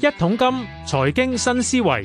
一桶金財經新思維，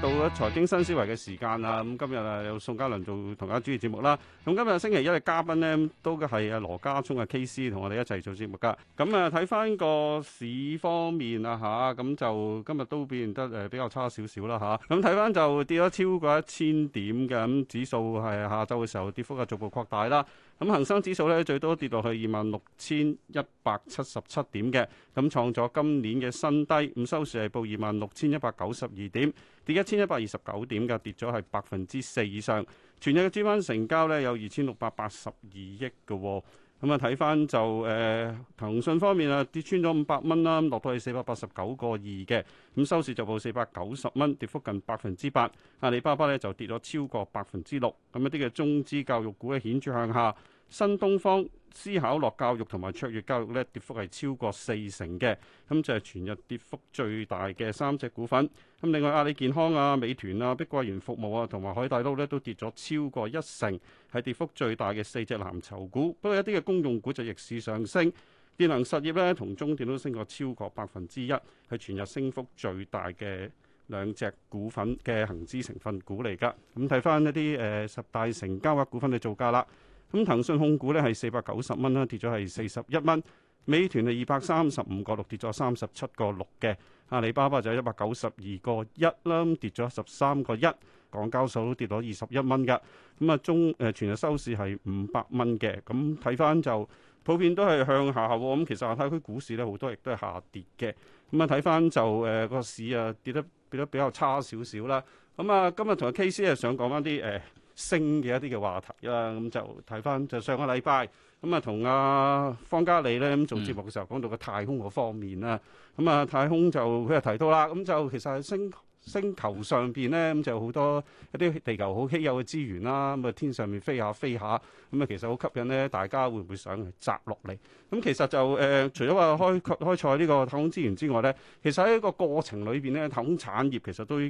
到咗財經新思維嘅時間啦。咁今日啊，有宋嘉良做同家主持節目啦。咁今日星期一嘅嘉賓呢，都係阿羅家聰嘅 KC 同我哋一齊做節目噶。咁啊，睇翻個市方面啊，吓，咁就今日都變得誒比較差少少啦，吓咁睇翻就跌咗超過一千點嘅，咁指數係下晝嘅時候跌幅啊逐步擴大啦。咁恒生指數咧最多跌落去二萬六千一百七十七點嘅，咁創咗今年嘅新低。咁收市係報二萬六千一百九十二點，跌一千一百二十九點嘅，跌咗係百分之四以上。全日嘅主板成交咧有二千六百八十二億嘅、哦。咁啊，睇翻就誒、呃，騰訊方面啊，跌穿咗五百蚊啦，落到去四百八十九個二嘅，咁收市就報四百九十蚊，跌幅近百分之八。阿里巴巴咧就跌咗超過百分之六，咁一啲嘅中資教育股咧顯著向下。新東方、思考樂教育同埋卓越教育咧，跌幅係超過四成嘅。咁就係全日跌幅最大嘅三隻股份。咁另外阿里健康啊、美團啊、碧桂園服務啊，同埋海底撈咧都跌咗超過一成，係跌幅最大嘅四隻藍籌股。不過一啲嘅公用股就逆市上升，電能實業咧同中電都升過超過百分之一，係全日升幅最大嘅兩隻股份嘅恆指成分股嚟噶。咁睇翻一啲誒、呃、十大成交額股份嘅造價啦。咁騰訊控股咧係四百九十蚊啦，跌咗係四十一蚊。美團係二百三十五個六，跌咗三十七個六嘅。阿里巴巴就一百九十二個一啦，跌咗十三個一。港交所都跌咗二十一蚊嘅。咁啊，中、呃、誒全日收市係五百蚊嘅。咁睇翻就普遍都係向下喎。咁、嗯、其實亞太區股市咧好多亦都係下跌嘅。咁啊睇翻就誒個、呃、市啊跌得跌得比較差少少啦。咁啊今日同阿 Casey 係想講翻啲誒。呃升嘅一啲嘅話題啦，咁就睇翻就上個禮拜咁啊，同阿方嘉莉咧咁做節目嘅時候講到個太空嗰方面啦，咁啊、嗯、太空就佢又提到啦，咁就其實係升。星球上邊咧咁就有好多一啲地球好稀有嘅資源啦。咁啊天上面飛下飛下咁啊，其實好吸引咧。大家會唔會想去摘落嚟？咁其實就誒、呃，除咗話開開採呢個太空資源之外咧，其實喺個過程裏邊咧，太空產業其實都要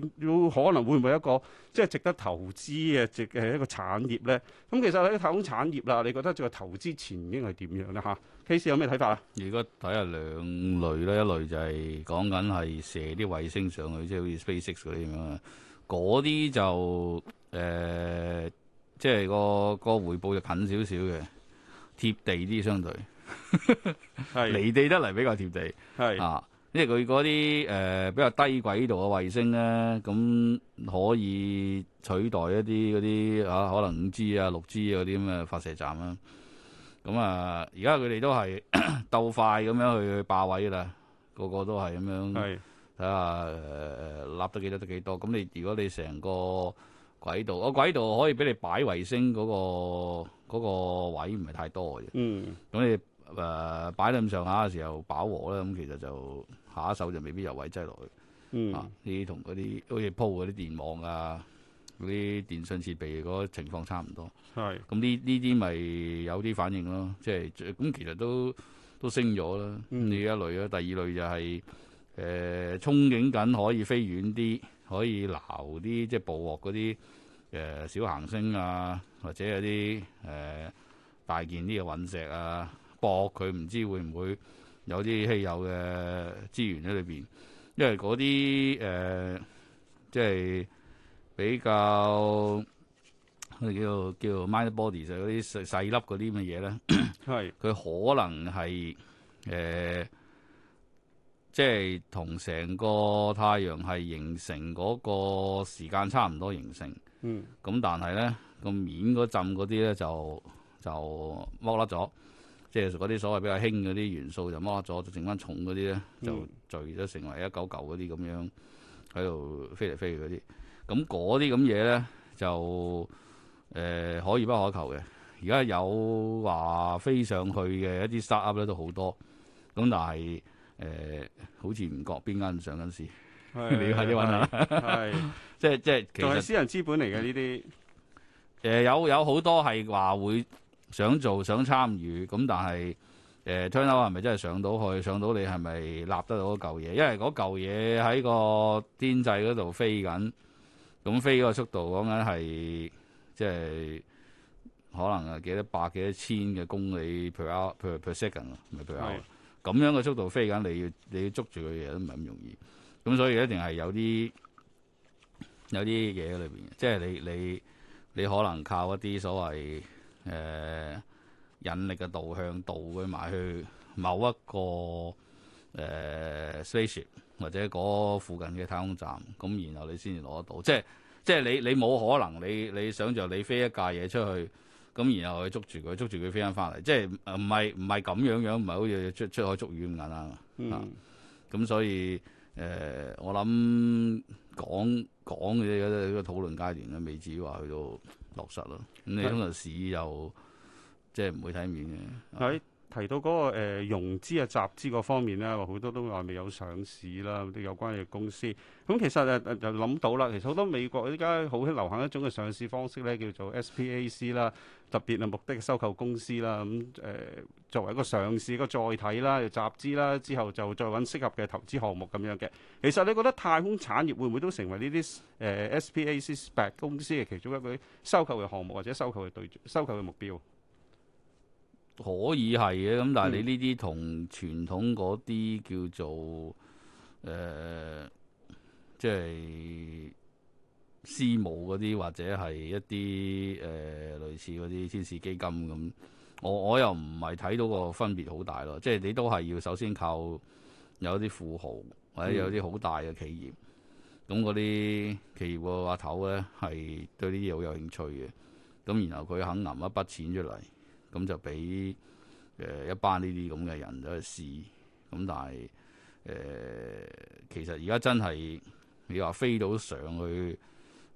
可能會唔會一個即係、就是、值得投資嘅值係一個產業咧？咁其實喺太空產業啦，你覺得就個投資前景係點樣咧？嚇？case 有咩睇法啊？如果睇下兩類啦，一類就係講緊係射啲衛星上去，即係好似 SpaceX 嗰啲咁樣，嗰啲就誒、呃，即係個個回報就近少少嘅，貼地啲相對係 是離地得嚟比較貼地係是啊，因為佢嗰啲誒比較低軌度嘅衛星咧，咁可以取代一啲嗰啲啊可能五 G 啊、六 G 啊嗰啲咁嘅發射站啦、啊。咁啊，而家佢哋都係 鬥快咁樣去去霸位㗎啦，個個都係咁樣。係睇下誒誒，攬得幾多得幾多？咁你如果你成個軌道，個軌道可以俾你擺衞星嗰、嗰個嗰個位唔係太多嘅。嗯。咁你誒、呃、擺得咁上下嘅時候飽和啦，咁其實就下一手就未必有位擠落去。嗯。啊，你同嗰啲好似鋪嗰啲電網啊。嗰啲電信設備嗰情況差唔多，係咁呢？呢啲咪有啲反應咯，即係咁其實都都升咗啦。呢、嗯、一類啦，第二類就係、是、誒、呃、憧憬緊可以飛遠啲，可以撈啲即係捕獲嗰啲誒小行星啊，或者有啲誒大件啲嘅隕石啊，博佢唔知會唔會有啲稀有嘅資源喺裏邊，因為嗰啲誒即係。比較，我哋叫叫 minor body 就嗰啲細細粒嗰啲嘅嘢咧，係佢是可能係誒，即係同成個太陽系形成嗰個時間差唔多形成，嗯，咁但係咧個面嗰浸嗰啲咧就就剝甩咗，即係嗰啲所謂比較輕嗰啲元素就剝甩咗，剩翻重嗰啲咧就聚咗成為一嚿嚿嗰啲咁樣喺度飛嚟飛去嗰啲。咁嗰啲咁嘢咧，就誒、呃、可遇不可求嘅。而家有話飛上去嘅一啲 startup 咧都好多，咁但係誒、呃、好似唔覺邊間上緊市，的 你要快啲揾下。係， 即係即係，其實係私人資本嚟嘅呢啲。誒、呃、有有好多係話會想做想參與，咁但係誒、呃、turnout 係咪真係上到去上到你係咪立得到嗰嚿嘢？因為嗰嚿嘢喺個天際嗰度飛緊。咁飛嗰個速度講緊係，即係可能係幾多百幾多千嘅公里 per hour per, per second 啊的，唔係 per hour。咁樣嘅速度飛緊，你要你要捉住佢嘢，都唔係咁容易。咁所以一定係有啲有啲嘢喺裏邊，即係你你你可能靠一啲所謂誒、呃、引力嘅導向導佢埋去某一個誒 spaceship。呃 Sp 或者嗰附近嘅太空站，咁然後你先至攞得到，即係即係你你冇可能你，你你想像你飛一架嘢出去，咁然後去捉住佢，捉住佢飛返翻嚟，即係唔係唔係咁樣樣，唔係好似出出海捉魚咁簡單、嗯、啊？咁所以誒、呃，我諗講講嘅呢個討論階段咧，未至於話去到落實咯。咁你通常市又即係唔會睇面嘅。的提到嗰、那個、呃、融資啊集資嗰方面咧，好多都仲未有上市啦，啲有關嘅公司。咁其實誒就諗到啦，其實好多美國依家好流行一種嘅上市方式咧，叫做 SPAC 啦，特別係目的收購公司啦，咁、嗯、誒、呃、作為一個上市個載體啦，集資啦之後就再揾適合嘅投資項目咁樣嘅。其實你覺得太空產業會唔會都成為呢啲誒、呃、SPAC back SPAC 公司嘅其中一個收購嘅項目或者收購嘅對，收購嘅目標？可以係嘅，咁但係你呢啲同傳統嗰啲叫做誒、呃，即係私募嗰啲或者係一啲誒、呃、類似嗰啲天使基金咁，我我又唔係睇到個分別好大咯，即係你都係要首先靠有一啲富豪或者有啲好大嘅企業，咁嗰啲企業個阿頭咧係對呢啲嘢好有興趣嘅，咁然後，佢肯揞一筆錢出嚟。咁就俾誒、呃、一班呢啲咁嘅人走去試，咁但係誒、呃、其實而家真係你話飛到上去誒、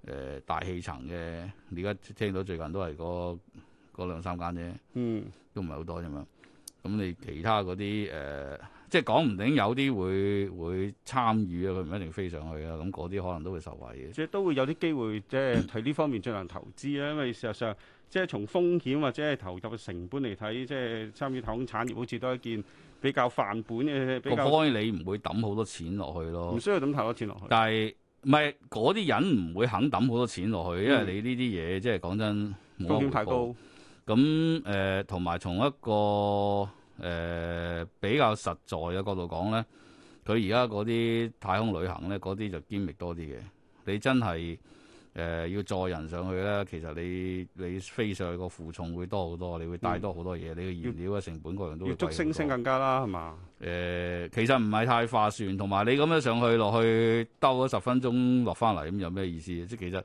呃、大氣層嘅，你而家聽到最近都係個嗰兩三間啫，嗯，都唔係好多啫嘛。咁、嗯、你其他嗰啲誒，即係講唔定有啲會會參與啊，佢唔一定飛上去啊。咁嗰啲可能都會受惠嘅，即係都會有啲機會，即係喺呢方面進行投資啊。因為事實上。即係從風險或者係投入嘅成本嚟睇，即係參與太空產業好似都係一件比較泛本嘅。比較個風險你唔會抌好多錢落去咯。唔需要抌太多錢落去。但係唔係嗰啲人唔會肯抌好多錢落去，因為你呢啲嘢即係講真風險太高。咁誒，同、呃、埋從一個誒、呃、比較實在嘅角度講咧，佢而家嗰啲太空旅行咧，嗰啲就堅力多啲嘅。你真係～誒、呃、要載人上去咧，其實你你飛上去個負重會多好多，你會帶多好多嘢，要你燃料嘅成本個樣都貴要貴。捉星星更加啦，係嘛？誒、呃，其實唔係太化算。同埋你咁樣上去落去兜咗十分鐘，落翻嚟咁有咩意思？即係其實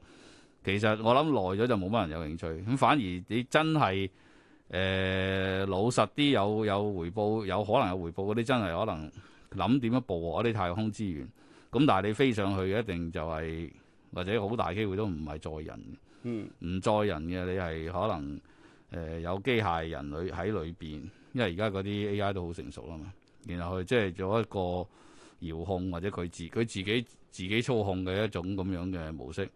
其實我諗耐咗就冇乜人有興趣。咁反而你真係誒、呃、老實啲，有有回報，有可能有回報嗰啲，你真係可能諗點樣捕獲啲太空資源。咁但係你飛上去一定就係、是。或者好大機會都唔係載人，唔、嗯、載人嘅你係可能誒、呃、有機械人類喺裏邊，因為而家嗰啲 AI 都好成熟啦嘛。然後佢即係做一個遙控或者佢自佢自己自己，自己操控嘅一種咁樣嘅模式。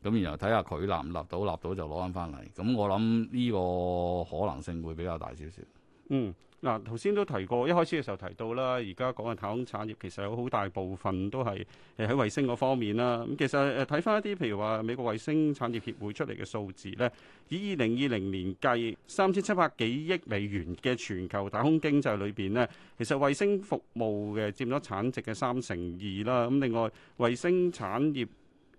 咁然後睇下佢立唔立到，立到就攞翻翻嚟。咁、嗯、我諗呢個可能性會比較大少少。嗯，嗱，頭先都提過，一開始嘅時候提到啦，而家講嘅太空產業其實有好大部分都係誒喺衛星嗰方面啦。咁其實誒睇翻一啲，譬如話美國衛星產業協會出嚟嘅數字呢，以二零二零年計，三千七百幾億美元嘅全球太空經濟裏邊呢，其實衛星服務嘅佔咗產值嘅三成二啦。咁另外，衛星產業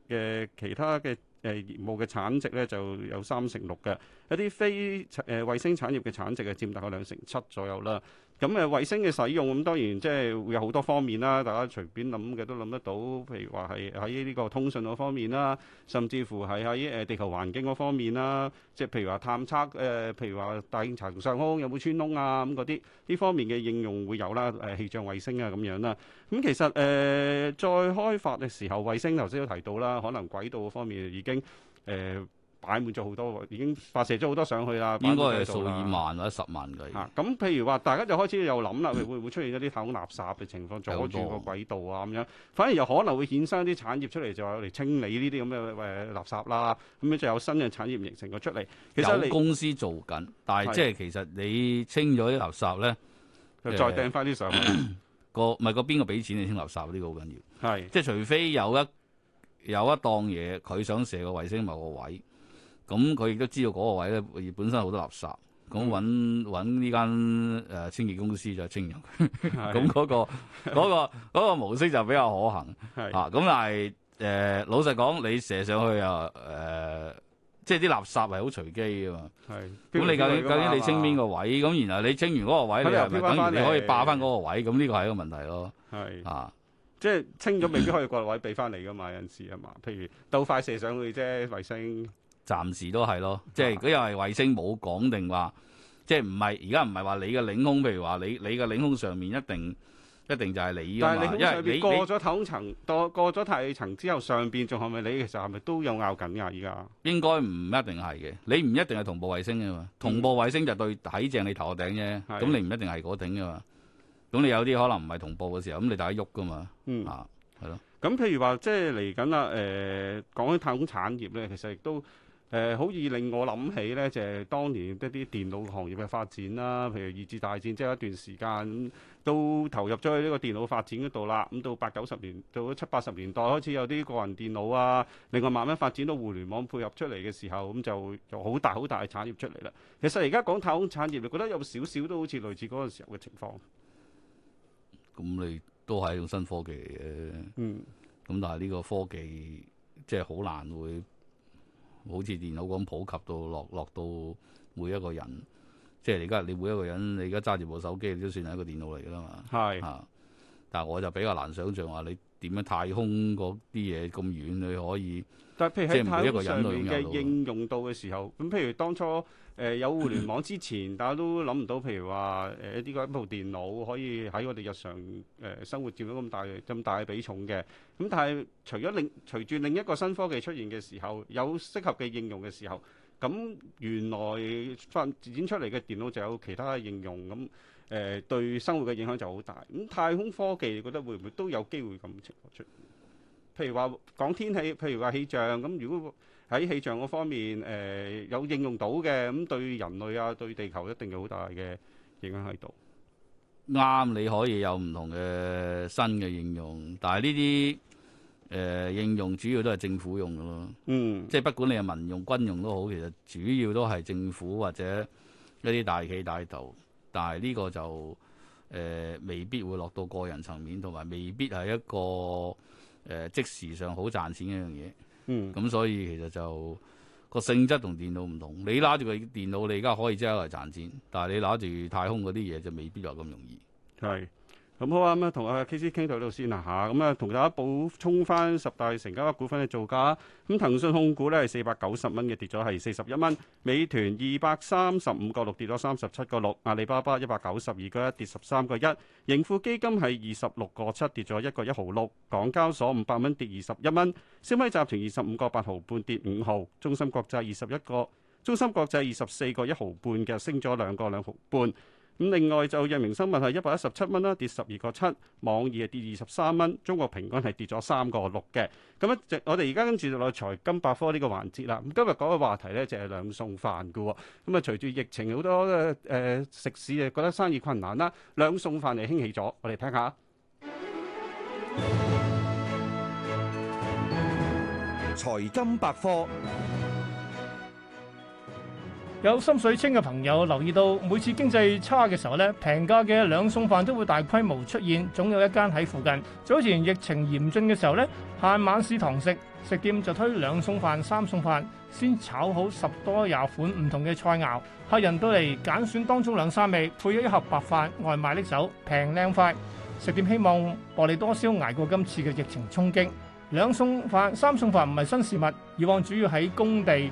嘅其他嘅。誒業務嘅產值咧就有三成六嘅，一啲非誒、呃、衞星產業嘅產值係佔大概兩成七左右啦。咁誒、嗯、衛星嘅使用，咁、嗯、當然即係會有好多方面啦。大家隨便諗嘅都諗得到，譬如話係喺呢個通訊嗰方面啦，甚至乎係喺誒地球環境嗰方面啦。即係譬如話探測誒、呃，譬如話大氣層上空有冇穿窿啊咁嗰啲，呢方面嘅應用會有啦。誒、呃、氣象衛星啊咁樣啦。咁、嗯、其實誒、呃、再開發嘅時候，衛星頭先都提到啦，可能軌道方面已經誒。呃擺滿咗好多，已經發射咗好多上去啦。去應該係數以萬或者十萬嘅。嚇咁、啊，譬如話，大家就開始又諗啦，會唔會出現一啲太空垃圾嘅情況，阻住個軌道啊？咁樣反而又可能會衍生一啲產業出嚟，就係嚟清理呢啲咁嘅誒垃圾啦。咁樣就有新嘅產業形成咗出嚟。其實你公司做緊，但係即係其實你清咗啲垃圾咧，的呃、就再掟翻啲上去個唔係個邊個俾錢你清垃圾呢、呢個好緊要係的即係除非有一，非有，一有一檔嘢佢想射個衛星某個位。咁佢亦都知道嗰個位咧，本身好多垃圾，咁揾揾呢間誒清潔公司就清咗。咁嗰個嗰個模式就比較可行。係啊，咁但係誒，老實講，你射上去啊，誒，即係啲垃圾係好隨機㗎嘛。係。咁你究竟究竟你清邊個位？咁然後你清完嗰個位，你又咪等於你可以霸翻嗰個位？咁呢個係一個問題咯。係。啊，即係清咗未必可以嗰個位俾翻你㗎嘛？有陣時啊嘛，譬如鬥快射上去啫，衛星。暫時都係咯，即係如果又係衛星冇講定話，即係唔係而家唔係話你嘅領空，譬如話你你嘅領空上面一定一定就係你，你。但係你空上面過咗太空層，過過咗大氣層之後，上邊仲係咪你？其實係咪都有拗緊㗎？而家應該唔一定係嘅，你唔一定係同步衛星嘅嘛。同步衛星就對睇正你頭頂啫，咁、嗯、你唔一定係嗰頂嘅嘛。咁你有啲可能唔係同步嘅時候，咁你大家喐㗎嘛。嗯，係咯的。咁譬如話，即係嚟緊啊誒，講起太空產業咧，其實亦都。誒，好、呃、易令我諗起咧，就係、是、當年一啲電腦行業嘅發展啦、啊。譬如二次大戰，即係一段時間都投入咗喺呢個電腦發展嗰度啦。咁到八九十年，到咗七八十年代開始有啲個人電腦啊。另外，慢慢發展到互聯網配合出嚟嘅時候，咁、嗯、就有好大好大嘅產業出嚟啦。其實而家講太空產業，你覺得有少少都好似類似嗰陣時候嘅情況。咁你都係一種新科技嘅。嗯。咁但係呢個科技即係好難會。好似電腦咁普及到落落到每一個人，即係你而家你每一個人，你而家揸住部手機你都算係一個電腦嚟㗎嘛？係是啊，但係我就比較難想像話你。點樣太空嗰啲嘢咁遠，你可以？但係譬如喺太空上面嘅應用到嘅時候，咁譬如當初誒、 呃、有互聯網之前，大家都諗唔到，譬如話誒呢個一部電腦可以喺我哋日常誒、呃、生活佔咗咁大咁大嘅比重嘅。咁但係除咗另，隨住另一個新科技出現嘅時候，有適合嘅應用嘅時候，咁原來發展出嚟嘅電腦就有其他嘅應用咁。誒對生活嘅影響就好大，咁太空科技你覺得會唔會都有機會咁出？譬如話講天氣，譬如話氣象，咁如果喺氣象嗰方面誒、呃、有應用到嘅，咁對人類啊對地球一定有好大嘅影響喺度。啱，你可以有唔同嘅新嘅應用，但係呢啲誒應用主要都係政府用嘅咯。嗯，即係不管你係民用軍用都好，其實主要都係政府或者一啲大企帶頭。但係呢個就誒、呃、未必會落到個人層面，同埋未必係一個誒、呃、即時上好賺錢嘅一樣嘢。嗯，咁所以其實就個性質同電腦唔同。你拿住個電腦，你而家可以即刻嚟賺錢，但係你拿住太空嗰啲嘢就未必話咁容易。係。咁好啊！咁同阿 K C 傾到呢度先啊嚇，咁啊同、嗯、大家補充翻十大成交額股份嘅造價。咁、嗯、騰訊控股咧係四百九十蚊嘅跌咗係四十一蚊，美團二百三十五個六跌咗三十七個六，阿里巴巴一百九十二個一跌十三個一，盈富基金係二十六個七跌咗一個一毫六，港交所五百蚊跌二十一蚊，小米集團二十五個八毫半跌五毫，中芯國際二十一個，中芯國際二十四個一毫半嘅升咗兩個兩毫半。咁另外就日明新聞係一百一十七蚊啦，跌十二個七；網易係跌二十三蚊；中國平均係跌咗三個六嘅。咁樣，我哋而家跟住落財金百科呢個環節啦。咁今日講嘅話題呢就係兩餸飯嘅喎。咁啊，隨住疫情好多誒、呃、食肆啊覺得生意困難啦，兩餸飯嚟興起咗。我哋聽下財金百科。有心水清嘅朋友留意到，每次經濟差嘅時候呢，平價嘅兩餸飯都會大規模出現，總有一間喺附近。早前疫情嚴峻嘅時候呢，限晚市堂食，食店就推兩餸飯、三餸飯，先炒好十多廿款唔同嘅菜肴，客人都嚟揀選當中兩三味，配咗一盒白飯，外賣拎走，平靚快。食店希望薄利多銷，捱過今次嘅疫情衝擊。兩餸飯、三餸飯唔係新事物，以往主要喺工地。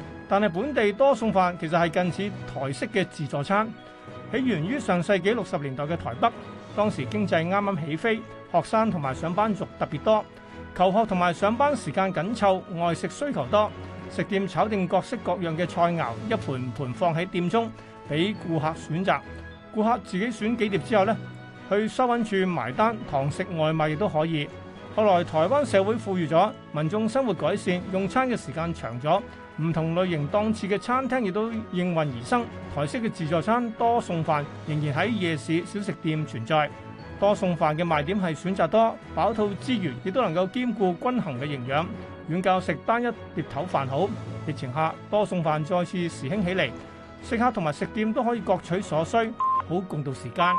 但係本地多餸飯其實係近似台式嘅自助餐，起源於上世紀六十年代嘅台北。當時經濟啱啱起飛，學生同埋上班族特別多，求學同埋上班時間緊湊，外食需求多。食店炒定各式各樣嘅菜餚，一盤盤放喺店中，俾顧客選擇。顧客自己選幾碟之後呢，去收銀處埋單，堂食外賣亦都可以。後來台灣社會富裕咗，民眾生活改善，用餐嘅時間長咗，唔同類型檔次嘅餐廳亦都應運而生。台式嘅自助餐多餸飯仍然喺夜市小食店存在。多餸飯嘅賣點係選擇多、飽肚之餘，亦都能夠兼顧均衡嘅營養。遠較食單一碟頭飯好。疫情下，多餸飯再次時興起嚟，食客同埋食店都可以各取所需，好共度時間。